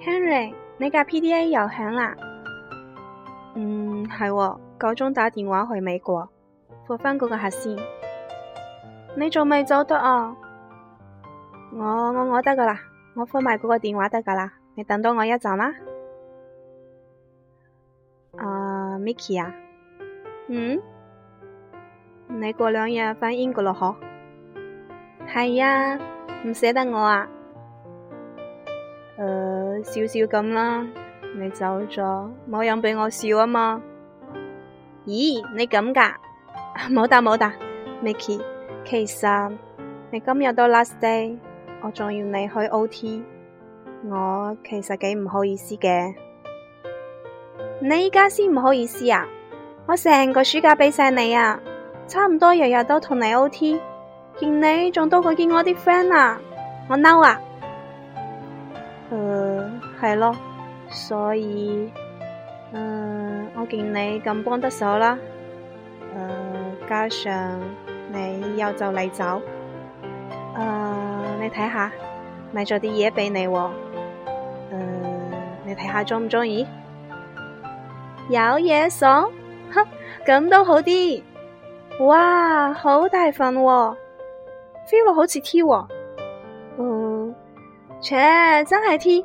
Henry，你架 PDA 又響啦？嗯，係、哦，夠鐘打電話去美國，複翻嗰個客先。你仲未走得啊？我我我得噶啦，我複埋嗰個電話得噶啦，你等多我一陣啦。啊、uh,，Miki 啊？嗯？你過兩日翻英國咯？嗬？係啊，唔 捨得我啊？少少咁啦，你走咗冇人俾我笑啊嘛？咦，你咁噶？冇得冇得，Miki，其實你今日都 last day，我仲要你去 OT，我其實幾唔好意思嘅。你依家先唔好意思啊？我成個暑假俾晒你啊，差唔多日日都同你 OT，見你仲多過見我啲 friend 啊，我嬲啊，uh, 係咯，所以誒、呃，我見你咁幫得手啦。誒、呃，加上你又就嚟走，誒、呃，你睇下買咗啲嘢畀你、哦。誒、呃，你睇下鍾唔鍾意？有嘢送，哈咁都好啲。哇，好大份，feel、哦、好似 t，嗯、哦，切、呃、真係 t。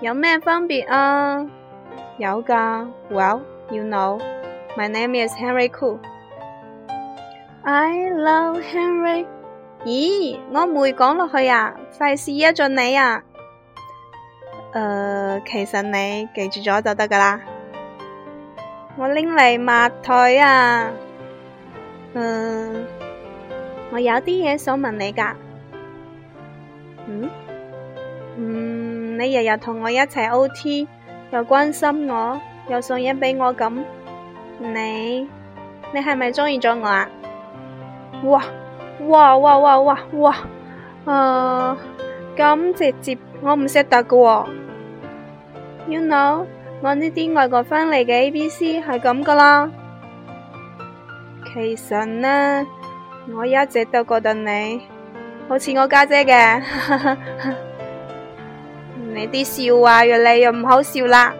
有咩分別啊？有噶。Well, you know, my name is Henry Ku。I love Henry。咦，我唔會講落去啊，費事益咗你啊。呃，其實你記住咗就得噶啦。我拎嚟抹台啊。嗯、呃，我有啲嘢想問你噶。嗯？你日日同我一齊 O.T. 又關心我，又送嘢俾我咁，你你係咪鍾意咗我啊？哇哇哇哇哇哇！啊，咁直接，我唔識答㗎喎。You know，我呢啲外國翻嚟嘅 A.B.C 係咁噶啦。其實呢，我一直都覺得你好似我家姐嘅。哈哈你啲笑話越嚟越唔好笑啦～